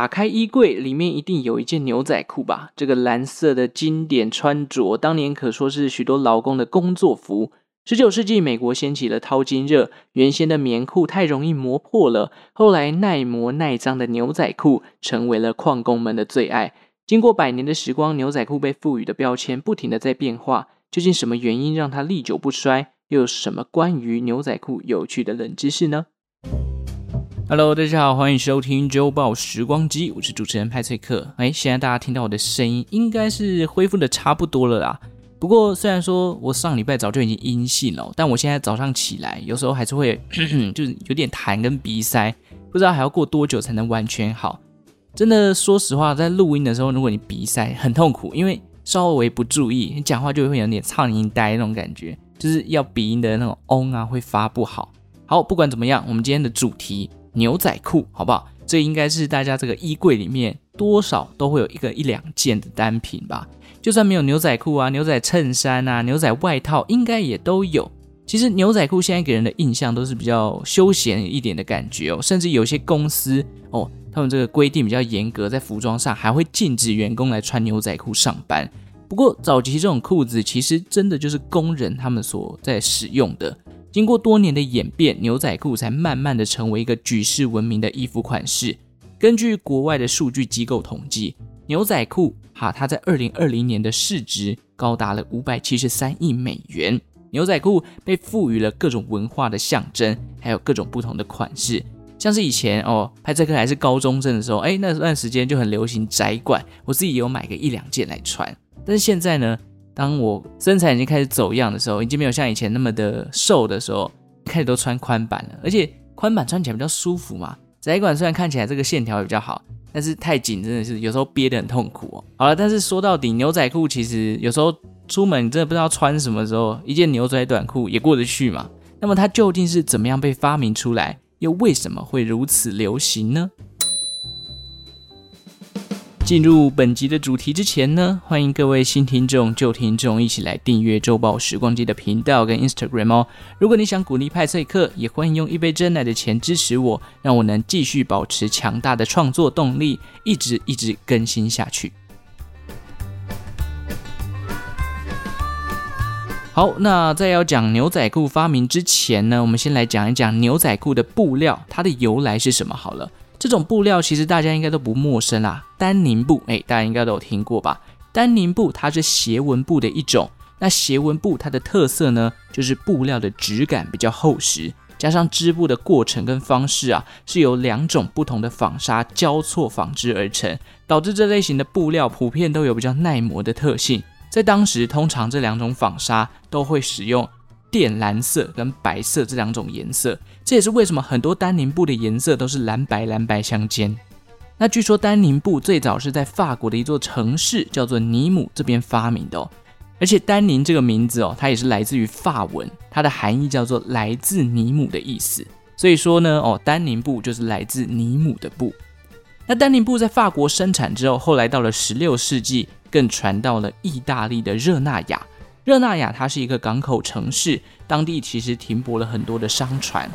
打開衣櫃，裡面一定有一件牛仔褲吧？這個藍色的經典穿着，當年可說是許多勞工的工作服。十九世紀美國掀起了淘金熱，原先的棉褲太容易磨破了，後來耐磨耐髒的牛仔褲成為了礦工們的最愛。經過百年的時光，牛仔褲被賦予的標籤不停地在變化。究竟什麼原因讓它歷久不衰？又有什麼關於牛仔褲有趣的冷知識呢？Hello，大家好，歡迎收聽《週報時光機》，我是主持人派翠克。哎，現在大家聽到我的聲音，應該是恢復得差不多了啦。不過雖然說我上禮拜早就已經陰性了，但我現在早上起來，有時候還是會咳咳，就是有點痰跟鼻塞，不知道還要過多久才能完全好。真的，說實話，在錄音的時候，如果你鼻塞很痛苦，因為稍微不注意，你講話就會有點蒼蠅呆那種感覺，就是要鼻音的那種嗡啊會發不好。好，不管怎麼樣，我們今天的主題。牛仔褲好不好？這應該是大家這個衣櫃裡面多少都會有一個一兩件的單品吧。就算沒有牛仔褲啊，牛仔襯衫啊，牛仔外套應該也都有。其實牛仔褲現在給人的印象都是比較休閒一點的感覺哦，甚至有些公司哦，他們這個規定比較嚴格，在服裝上還會禁止員工來穿牛仔褲上班。不過早期這種褲子其實真的就是工人他們所在使用的。經過多年的演變，牛仔褲才慢慢的成為一個舉世聞名的衣服款式。根據國外的數據機構統計，牛仔褲哈，它在二零二零年的市值高達了五百七十三億美元。牛仔褲被賦予了各種文化的象徵，還有各種不同的款式，像是以前哦，派翠克還是高中生的時候，誒，那段時間就很流行窄管，我自己也有買個一兩件來穿。但是現在呢？當我身材已經開始走樣的時候，已經沒有像以前那麼的瘦的時候，開始都穿寬版了，而且寬版穿起來比較舒服嘛。窄管雖然看起來這個線條也比較好，但是太緊真的是有時候憋得很痛苦哦、喔。好了，但是說到底，牛仔褲其實有時候出門真的不知道穿什麼時候，一件牛仔短褲也過得去嘛。那麼它究竟是怎麼樣被發明出來，又為什麼會如此流行呢？進入本集的主題之前呢，歡迎各位新聽眾、舊聽眾一起來訂閱《周報時光機》的頻道跟 Instagram 哦。如果你想鼓勵派翠克，也歡迎用一杯珍奶的錢支持我，讓我能繼續保持強大的創作動力，一直一直更新下去。好，那在要講牛仔褲發明之前呢，我們先來講一講牛仔褲的布料，它的由來是什麼？好了。這種布料其實大家應該都不陌生啦，丹寧布，哎、欸，大家應該都有聽過吧？丹寧布它是斜紋布的一種，那斜紋布它的特色呢，就是布料的質感比較厚實，加上織布的過程跟方式啊，是由兩種不同的紡紗交錯紡織而成，導致這類型的布料普遍都有比較耐磨的特性。在當時，通常這兩種紡紗都會使用。靛藍色跟白色這兩種顏色，這也是為什麼很多丹寧布的顏色都是藍白藍白相間。那據說丹寧布最早是在法國的一座城市叫做尼姆這邊發明的哦。而且丹寧這個名字哦，它也是來自於法文，它的含義叫做來自尼姆的意思。所以說呢哦，丹寧布就是來自尼姆的布。那丹寧布在法國生產之後，後來到了十六世紀，更傳到了意大利的熱那亞。熱那亞，它是一個港口城市，當地其實停泊了很多的商船。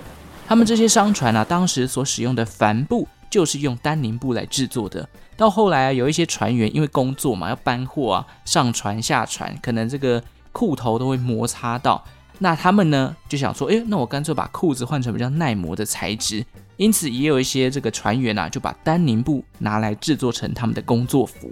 他們這些商船啊，當時所使用的帆布就是用丹寧布來制作的。到後來啊，有一些船員因為工作嘛，要搬貨啊，上船下船，可能這個褲頭都會摩擦到。那他們呢就想說，誒、哎，那我乾脆把褲子換成比較耐磨的材質。因此，也有一些這個船員啊，就把丹寧布拿來制作成他們的工作服。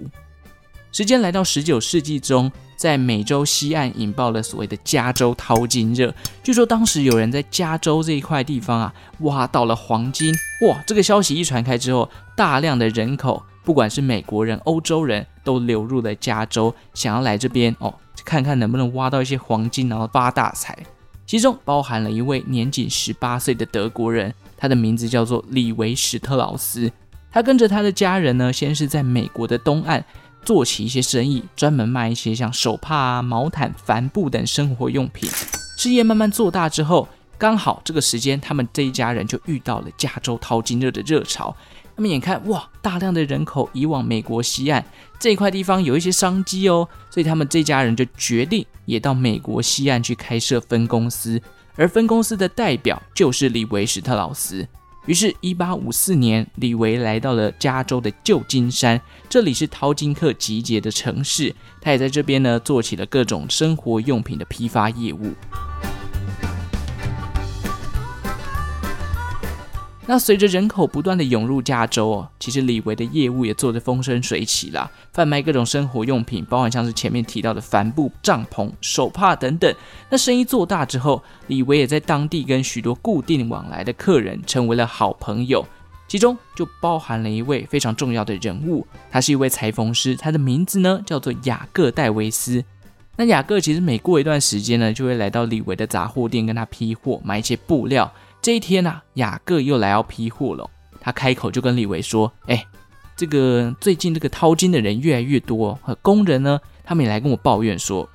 時間來到十九世紀中，在美洲西岸引爆了所謂的加州淘金熱。據說當時有人在加州這一塊地方啊，挖到了黃金。哇，這個消息一傳開之後，大量的人口，不管是美國人、歐洲人都流入了加州，想要來這邊哦，看看能不能挖到一些黃金，然後發大財。其中包含了一位年僅十八歲的德國人，他的名字叫做李維史特勞斯。他跟着他的家人呢，先是在美國的東岸。做起一些生意，專門賣一些像手帕啊、毛毯、帆布等生活用品。事業慢慢做大之後，剛好這個時間，他們這一家人就遇到了加州淘金熱的熱潮。那麼，眼看哇，大量的人口移往美國西岸這塊地方有一些商機哦，所以他們這一家人就決定也到美國西岸去開設分公司。而分公司的代表就是李維史特勞斯。於是，一八五四年，李維來到了加州的舊金山，這裡是淘金客集結的城市。他也在這邊呢，做起了各種生活用品的批發業務。那隨着人口不斷的湧入加州，哦，其實李維的業務也做得風生水起了，販賣各種生活用品，包含像是前面提到的帆布、帳篷、手帕等等。那生意做大之後，李維也在當地跟許多固定往來的客人成為了好朋友，其中就包含了一位非常重要的人物，他是一位裁縫師，他的名字呢叫做雅各戴維斯。那雅各其實每過一段時間呢，就會來到李維的雜貨店跟他批貨，買一些布料。這一天啊，雅各又來要批貨了、哦。他開口就跟李維說：“哎，這個最近這個淘金的人越來越多、哦，和工人呢，他們也來跟我抱怨說，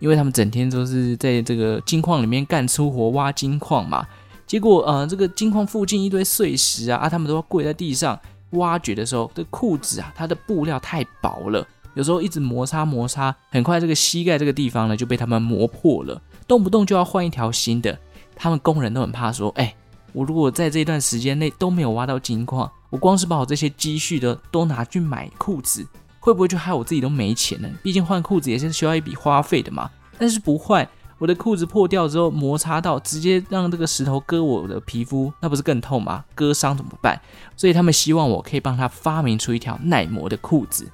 因為他們整天都是在這個金礦裡面幹粗活挖金礦嘛。結果啊、呃，這個金礦附近一堆碎石啊，啊，他們都要跪在地上挖掘的時候，這個、褲子啊，它的布料太薄了，有時候一直摩擦摩擦，很快這個膝蓋這個地方呢就被他們磨破了，動不動就要換一條新的。”他們工人都很怕說：“哎，我如果在這段時間內都沒有挖到金礦，我光是把我這些積蓄的都拿去買褲子，會不會就害我自己都沒錢呢？畢竟換褲子也是需要一筆花費的嘛。但是不換，我的褲子破掉之後摩擦到，直接讓這個石頭割我的皮膚，那不是更痛嗎？割傷怎麼辦？所以他們希望我可以幫他發明出一條耐磨的褲子。”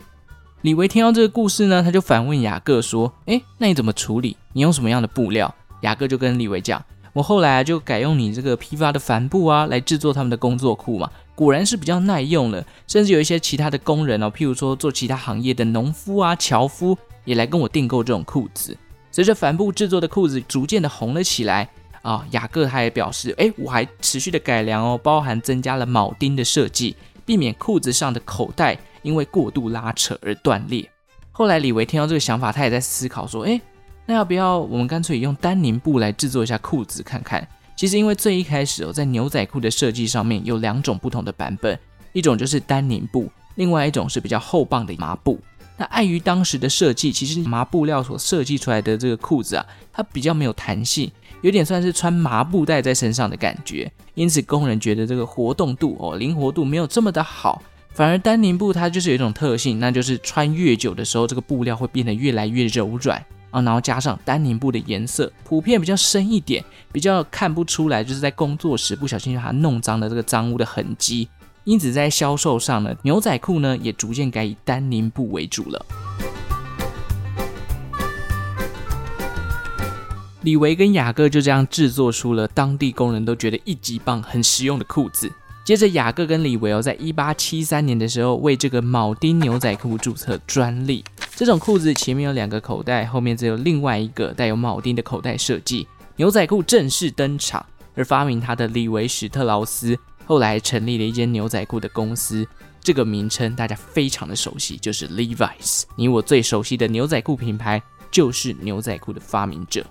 李維聽到這個故事呢，他就反問雅各說：“哎，那你怎麼處理？你用什麼樣的布料？”雅各就跟李維講。我後來就改用你這個批發的帆布啊，來制作他們的工作褲嘛，果然是比較耐用了。甚至有一些其他的工人哦，譬如說做其他行業的農夫啊、樵夫，也來跟我訂購這種褲子。隨着帆布制作的褲子逐漸的紅了起來啊，雅各他也表示，哎，我還持續的改良哦，包含增加了鉚釘的設計，避免褲子上的口袋因為過度拉扯而斷裂。後來李維聽到這個想法，他也在思考說，哎。那要不要我們乾脆用丹寧布來制作一下褲子看看？其實因為最一開始哦，在牛仔褲的設計上面有兩種不同的版本，一種就是丹寧布，另外一種是比較厚磅的麻布。那礙於當時的設計，其實麻布料所設計出來的這個褲子啊，它比較沒有彈性，有點算是穿麻布袋在身上的感覺。因此，工人覺得這個活動度哦，靈活度沒有這麼的好。反而丹寧布它就是有一種特性，那就是穿越久的時候，這個布料會變得越來越柔軟。啊，然後加上丹寧布的顏色普遍比較深一點，比較看不出來，就是在工作時不小心把它弄髒的這個髒污的痕跡。因此，在銷售上呢，牛仔褲呢也逐漸改以丹寧布為主了。李維跟雅各就這樣製作出了當地工人都覺得一級棒，很實用的褲子。接着，雅各跟李維哦，在一八七三年的時候為這個鉚釘牛仔褲註冊專利。這種褲子前面有兩個口袋，後面則有另外一個帶有鉚釘的口袋設計。牛仔褲正式登場。而發明它的李維史特勞斯後來還成立了一間牛仔褲的公司，這個名稱大家非常的熟悉，就是 Levi's。你我最熟悉的牛仔褲品牌，就是牛仔褲的發明者。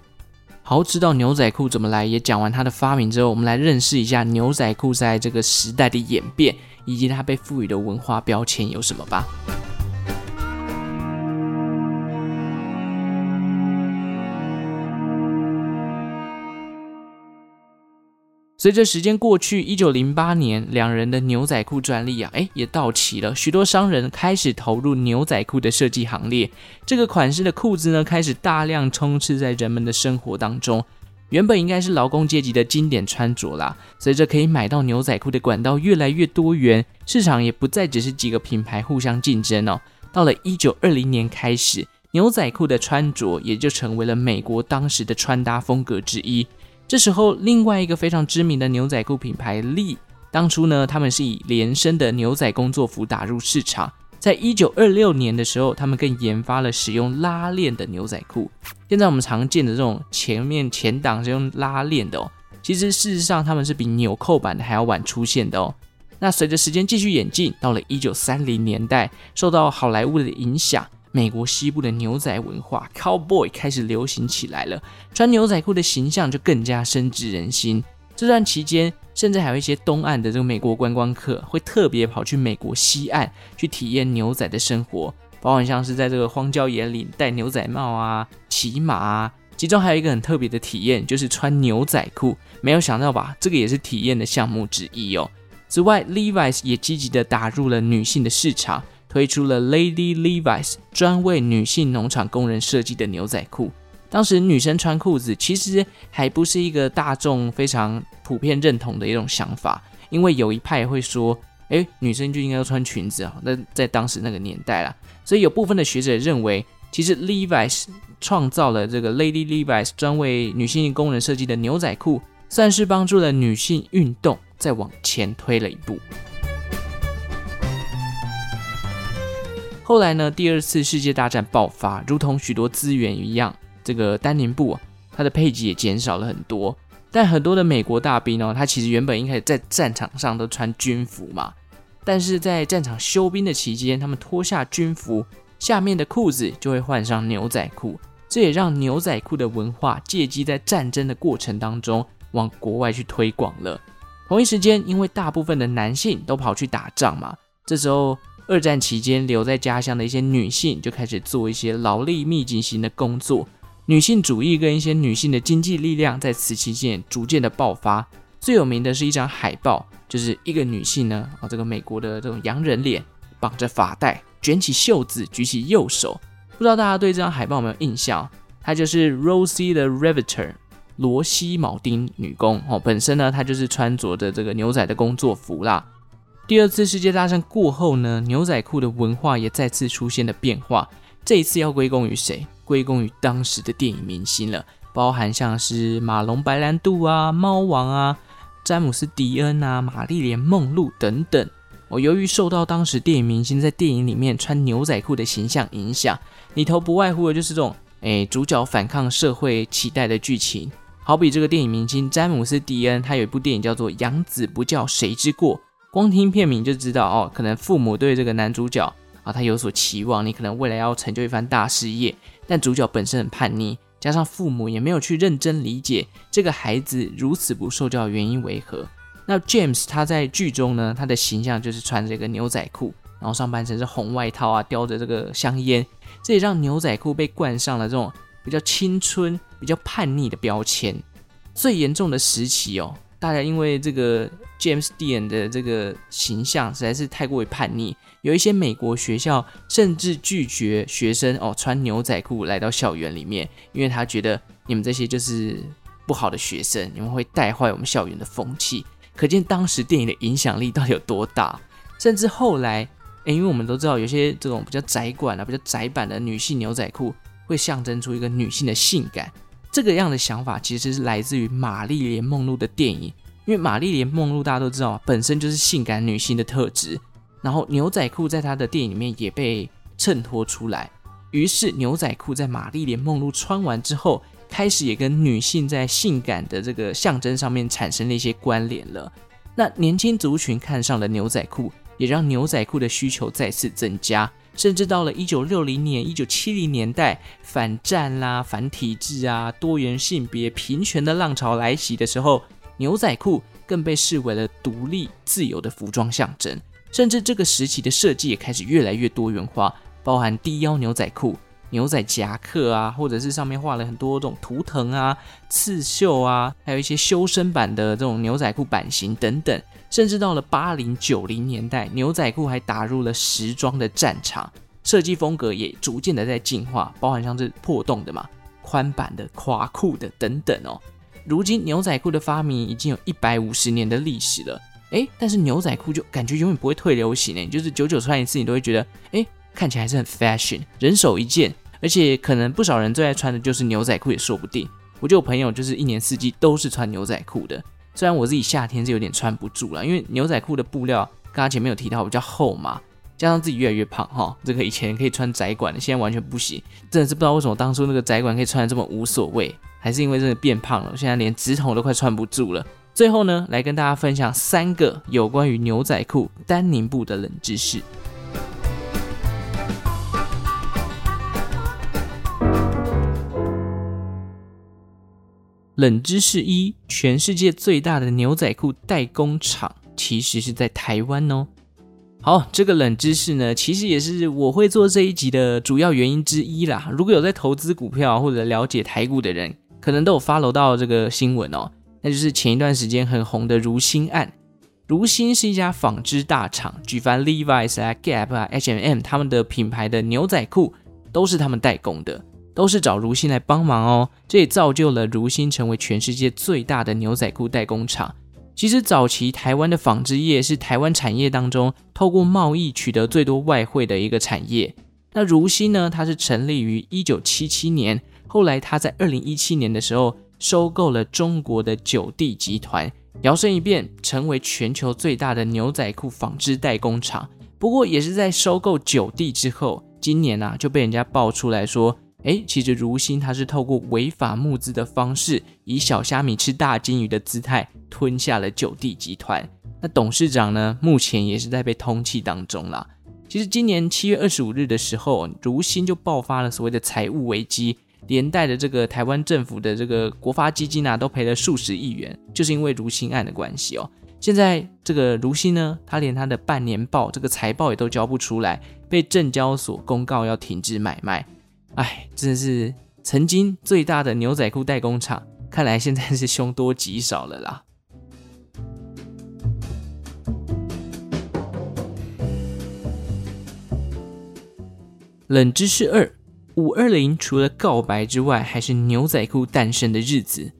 好，知道牛仔褲怎麼來，也講完它的發明之後，我們來認識一下牛仔褲在這個時代的演變，以及它被賦予的文化標籤有什麼吧。隨着時間過去，一九零八年，兩人的牛仔褲專利啊，哎，也到期了。許多商人開始投入牛仔褲的設計行列，這個款式的褲子呢，開始大量充斥在人們的生活當中。原本應該是勞工階級的經典穿着啦。隨着可以買到牛仔褲的管道越來越多元，市場也不再只是幾個品牌互相競爭哦。到了一九二零年開始，牛仔褲的穿着也就成為了美國當時的穿搭風格之一。這時候，另外一個非常知名的牛仔褲品牌 Lee，當初呢，他們是以連身的牛仔工作服打入市場。在一九二六年的時候，他們更研發了使用拉鏈的牛仔褲。現在我們常見的這種前面前檔是用拉鏈的哦，其實事實上他們是比紐扣、扣版的還要晚出現的哦。那隨着時間繼續演進，到了一九三零年代，受到好萊塢的影響。美國西部的牛仔文化 （Cowboy） 開始流行起來了，穿牛仔褲的形象就更加深植人心。這段期間，甚至還有一些東岸的這個美國觀光客會特別跑去美國西岸去體驗牛仔的生活，包括像是在這個荒郊野嶺戴牛仔帽啊、騎馬啊。其中還有一個很特別的體驗，就是穿牛仔褲。沒有想到吧？這個也是體驗的項目之一哦。此外，Levi's 也積極的打入了女性的市場。推出了 Lady Levi's 專為女性農場工人設計的牛仔褲。當時女生穿褲子其實還不是一個大眾非常普遍認同的一種想法，因為有一派會說，哎，女生就應該要穿裙子啊。那在當時那個年代啦，所以有部分的學者認為，其實 Levi's 創造了這個 Lady Levi's 專為女性工人設計的牛仔褲，算是幫助了女性運動再往前推了一步。後來呢，第二次世界大戰爆發，如同許多資源一樣，這個丹寧布它的配給也減少了很多。但很多的美國大兵呢、哦，他其實原本應該在戰場上都穿軍服嘛，但是在戰場休兵的期間，他們脫下軍服，下面的褲子就會換上牛仔褲。這也讓牛仔褲的文化借機在戰爭的過程當中往國外去推廣了。同一時間，因為大部分的男性都跑去打仗嘛，這時候。二戰期間，留在家鄉的一些女性就開始做一些勞力密集型的工作。女性主義跟一些女性的經濟力量在此期間逐漸的爆發。最有名的是一張海報，就是一個女性呢，哦，這個美國的這種洋人臉，綁着髮帶，捲起袖子，舉起右手。不知道大家對這張海報有沒有印象？她就是 Rosie the Riveter，羅西鉚釘女工。哦，本身呢，她就是穿着的這個牛仔的工作服啦。第二次世界大戰過後呢，牛仔褲的文化也再次出現了變化。這一次要歸功於誰？歸功於當時的電影明星了，包含像是馬龍白蘭度啊、貓王啊、詹姆斯迪恩啊、瑪麗蓮夢露等等。我、哦、由於受到當時電影明星在電影裡面穿牛仔褲的形象影響，裡頭不外乎的就是這種誒主角反抗社會期待的劇情。好比這個電影明星詹姆斯迪恩，他有一部電影叫做《養子不教誰之過》。光聽片名就知道哦，可能父母對這個男主角啊，哦，他有所期望，你可能未來要成就一番大事業。但主角本身很叛逆，加上父母也沒有去認真理解這個孩子如此不受教的原因為何。那 James 他在劇中呢，他的形象就是穿着一個牛仔褲，然後上半身是紅外套啊，叼着這個香煙，這也讓牛仔褲被冠上了這種比較青春、比較叛逆的標籤。最嚴重的時期哦。大家因為這個 James Dean 的這個形象實在是太過於叛逆，有一些美國學校甚至拒絕學生哦，穿牛仔褲來到校園裡面，因為他覺得你們這些就是不好的學生，你們會帶壞我們校園的風氣。可見當時電影的影響力到底有多大。甚至後來，誒，因為我們都知道，有些這種比較窄管啊、比較窄版的女性牛仔褲會象徵出一個女性的性感。這個樣的想法其實是來自於瑪麗蓮夢露的電影，因為瑪麗蓮夢露大家都知道啊，本身就是性感女性的特質。然後牛仔褲在她的電影裡面也被襯托出來，於是牛仔褲在瑪麗蓮夢露穿完之後，開始也跟女性在性感的這個象徵上面產生了一些關聯了。那年輕族群看上了牛仔褲，也讓牛仔褲的需求再次增加。甚至到了一九六零年、一九七零年代，反戰啦、啊、反體制啊、多元性別、平權的浪潮來襲的時候，牛仔褲更被視為了獨立自由的服裝象徵。甚至這個時期的設計也開始越來越多元化，包含低腰牛仔褲。牛仔夾克啊，或者是上面畫了很多這種圖騰啊、刺繡啊，還有一些修身版的這種牛仔褲版型等等，甚至到了八零九零年代，牛仔褲還打入了時裝的戰場，設計風格也逐漸的在進化，包含像是破洞的嘛、寬版的、垮褲的等等哦。如今牛仔褲的發明已經有一百五十年的歷史了，哎，但是牛仔褲就感覺永遠不會退流行呢，就是久久穿一次你都會覺得，誒看起來是很 fashion，人手一件，而且可能不少人最愛穿的就是牛仔褲也說不定。我就有朋友就是一年四季都是穿牛仔褲的，雖然我自己夏天是有點穿不住了，因為牛仔褲的布料剛剛前面有提到比較厚嘛，加上自己越來越胖齁，這個以前可以穿窄管的，現在完全不行，真的是不知道為什麼當初那個窄管可以穿得這麼無所謂，還是因為真的變胖了，現在連直筒都快穿不住了。最後呢，來跟大家分享三個有關於牛仔褲丹寧布的冷知識。冷知識一：全世界最大的牛仔褲代工廠其實是在台灣哦。好，這個冷知識呢，其實也是我會做這一集的主要原因之一啦。如果有在投資股票或者了解台股的人，可能都有 follow 到這個新聞哦。那就是前一段時間很紅的如新案，如新是一家紡織大廠，舉凡 Levi's 啊、Gap 啊、H&M 他們的品牌的牛仔褲都是他們代工的。都是找如新來幫忙哦，這也造就了如新成為全世界最大的牛仔褲代工廠。其實早期台灣的紡織業是台灣產業當中透過貿易取得最多外匯的一個產業。那如新呢？它是成立於一九七七年，後來它在二零一七年的時候收購了中國的九地集團，搖身一變成為全球最大的牛仔褲紡織代工廠。不過也是在收購九地之後，今年呢、啊、就被人家爆出來說。哎，其實如新他是透過違法募資的方式，以小蝦米吃大鯨魚的姿態吞下了九地集團。那董事長呢，目前也是在被通緝當中啦。其實今年七月二十五日的時候，如新就爆發了所謂的財務危機，連帶着這個台灣政府的這個國發基金啊，都賠了數十億元，就是因為如新案的關係哦。現在這個如新呢，他連他的半年報、這個財報也都交不出來，被證交所公告要停止買賣。哎，真的是曾經最大的牛仔褲代工廠，看來現在是凶多吉少了啦。冷知識二：五二零除了告白之外，還是牛仔褲誕生的日子。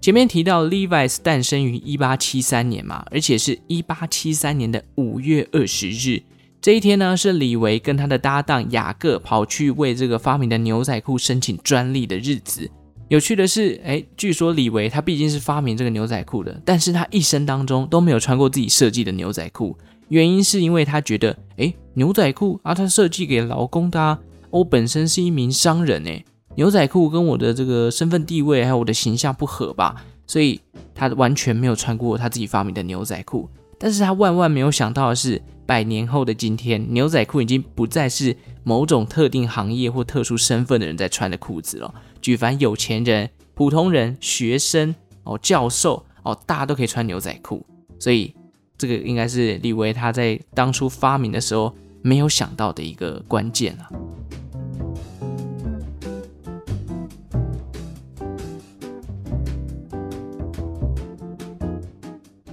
前面提到 Levi's 誕生於一八七三年嘛，而且是一八七三年的五月二十日。這一天呢，是李維跟他的搭檔雅各跑去為這個發明的牛仔褲申請專利的日子。有趣的是，哎、欸，據說李維他畢竟是發明這個牛仔褲的，但是他一生當中都沒有穿過自己設計的牛仔褲，原因是因為他覺得，哎、欸，牛仔褲，啊，他設計給勞工的、啊，我本身是一名商人、欸，哎，牛仔褲跟我的這個身份地位還有我的形象不合吧，所以他完全沒有穿過他自己發明的牛仔褲。但是他萬萬沒有想到的是。百年後的今天，牛仔褲已經不再是某種特定行業或特殊身份的人在穿的褲子了。舉凡有錢人、普通人、學生、哦、教授、哦，大家都可以穿牛仔褲。所以，這個應該是李維他在當初發明的時候沒有想到的一個關鍵啊。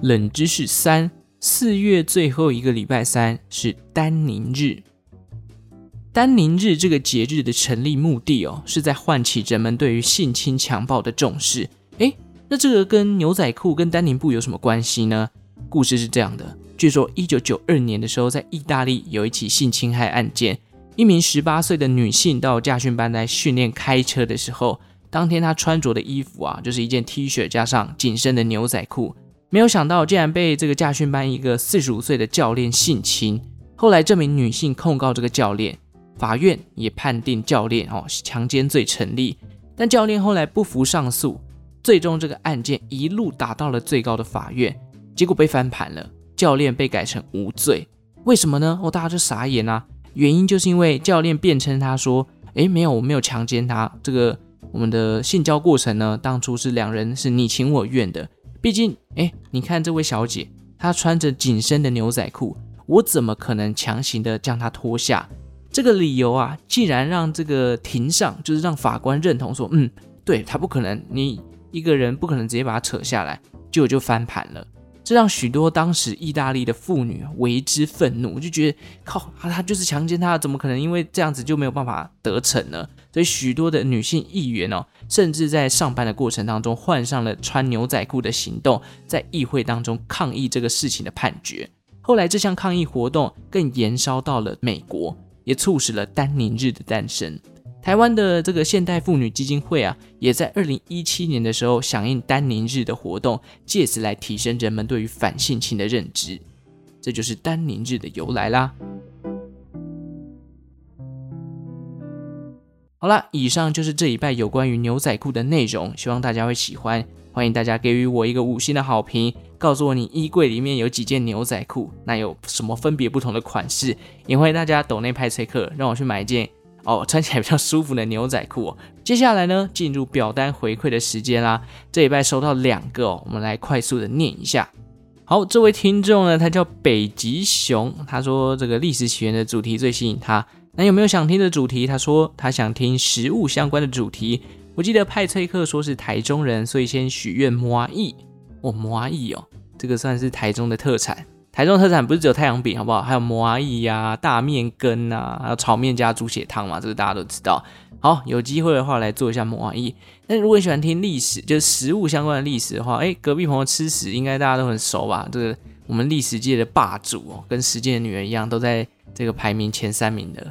冷知識三。四月最後一個禮拜三是丹寧日。丹寧日這個節日的成立目的哦，是在喚起人們對於性侵強暴的重視。誒，那這個跟牛仔褲跟丹寧布有什麼關係呢？故事是這樣的：據說一九九二年的時候，在意大利有一起性侵害案件，一名十八歲的女性到駕訓班來訓練開車的時候，當天她穿着的衣服啊，就是一件 T 恤加上緊身的牛仔褲。沒有想到，竟然被這個駕訓班一個四十五歲的教練性侵。後來，這名女性控告這個教練，法院也判定教練哦強姦罪成立。但教練後來不服上訴，最終這個案件一路打到了最高的法院，結果被翻盤了，教練被改成無罪。為什麼呢？哦，大家就傻眼啦、啊。原因就是因為教練辯稱他說：“哎，沒有，我沒有強姦他，這個我們的性交過程呢，當初是兩人是你情我願的。”畢竟，哎，你看這位小姐，她穿着緊身的牛仔褲，我怎麼可能強行的將她脫下？這個理由啊，既然讓這個庭上，就是讓法官認同說，嗯，對，她不可能，你一個人不可能直接把她扯下來，就就翻盤了。這讓許多當時意大利的婦女為之憤怒，就覺得靠，他就是強姦他，怎麼可能，因為這樣子就沒有辦法得逞呢？所以許多的女性議員哦，甚至在上班的過程當中換上了穿牛仔褲的行動，在議會當中抗議這個事情的判決。後來這項抗議活動更延燒到了美國，也促使了丹寧日的誕生。台灣的這個現代婦女基金會啊，也在二零一七年的時候響應丹寧日的活動，借此來提升人們對於反性侵的認知。這就是丹寧日的由來啦。好啦，以上就是這一拜有關於牛仔褲的內容，希望大家會喜歡。歡迎大家給予我一個五星的好評，告訴我你衣櫃裡面有幾件牛仔褲，那有什麼分別不同的款式？也歡迎大家抖內派翠克，讓我去買一件。哦，穿起來比較舒服的牛仔褲哦。接下來呢，進入表單回饋的時間啦。這禮拜收到兩個哦，我們來快速的念一下。好，這位聽眾呢，他叫北極熊，他說這個歷史起源的主題最吸引他。那有沒有想聽的主題？他說他想聽食物相關的主題。我記得派翠克說是台中人，所以先許願摩阿意。哦，摩阿意哦，這個算是台中的特產。台中特產不是只有太陽餅，好不好？還有麻薏呀、大麵羹啊，還有炒麵加豬血湯嘛，這個大家都知道。好，有機會的話來做一下麻薏。那如果你喜歡聽歷史，就是食物相關的歷史的話，哎、欸，隔壁朋友吃屎應該大家都很熟吧？這個我們歷史界的霸主哦，跟時間的女兒一樣，都在這個排名前三名的。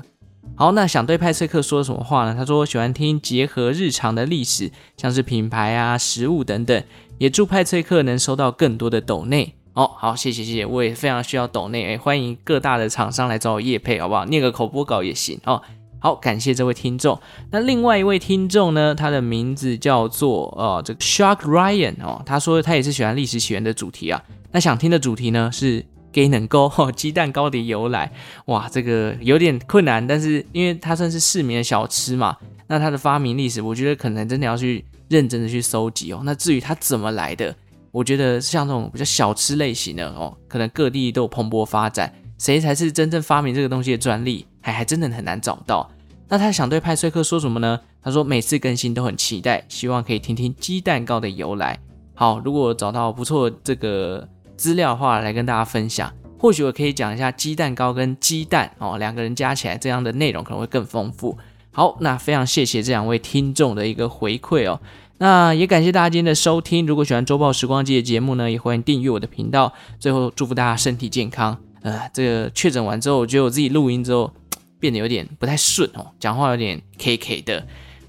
好，那想對派翠克說什麼話呢？他說喜歡聽結合日常的歷史，像是品牌啊、食物等等。也祝派翠克能收到更多的斗內。哦，好，謝謝謝謝，我也非常需要懂內，誒，歡迎各大的廠商來找我業配，好不好？念個口播稿也行哦。好，感謝這位聽眾。那另外一位聽眾呢，他的名字叫做呃、哦，這個 Shark Ryan 哦，他說他也是喜歡歷史起源的主題啊。那想聽的主題呢是給能夠糕、哦，雞蛋糕的由來。哇，這個有點困難，但是因為它算是市民的小吃嘛，那它的發明歷史，我覺得可能真的要去認真的去蒐集哦。那至於它怎麼來的？我覺得像這種比較小吃類型的哦，可能各地都有蓬勃發展。誰才是真正發明這個東西的專利，還還真的很難找到。那他想對派翠克說什麼呢？他說每次更新都很期待，希望可以聽聽雞蛋糕的由來。好，如果找到不錯的這個資料的話，來跟大家分享。或許我可以講一下雞蛋糕跟雞蛋哦，兩個人加起來這樣的內容可能會更豐富。好，那非常謝謝這兩位聽眾的一個回饋哦。那也感謝大家今天的收聽。如果喜歡《週報時光機》的節目呢，也歡迎訂閱我的頻道。最後，祝福大家身體健康。呃，這個確診完之後，我覺得我自己錄音之後變得有點不太順哦，講話有點 K K 的。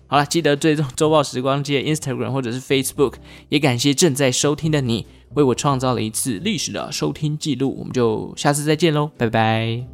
好了，記得追蹤《週報時光機》的 Instagram 或者是 Facebook。也感謝正在收聽的你，為我創造了一次歷史的收聽記錄。我們就下次再見嘍，拜拜。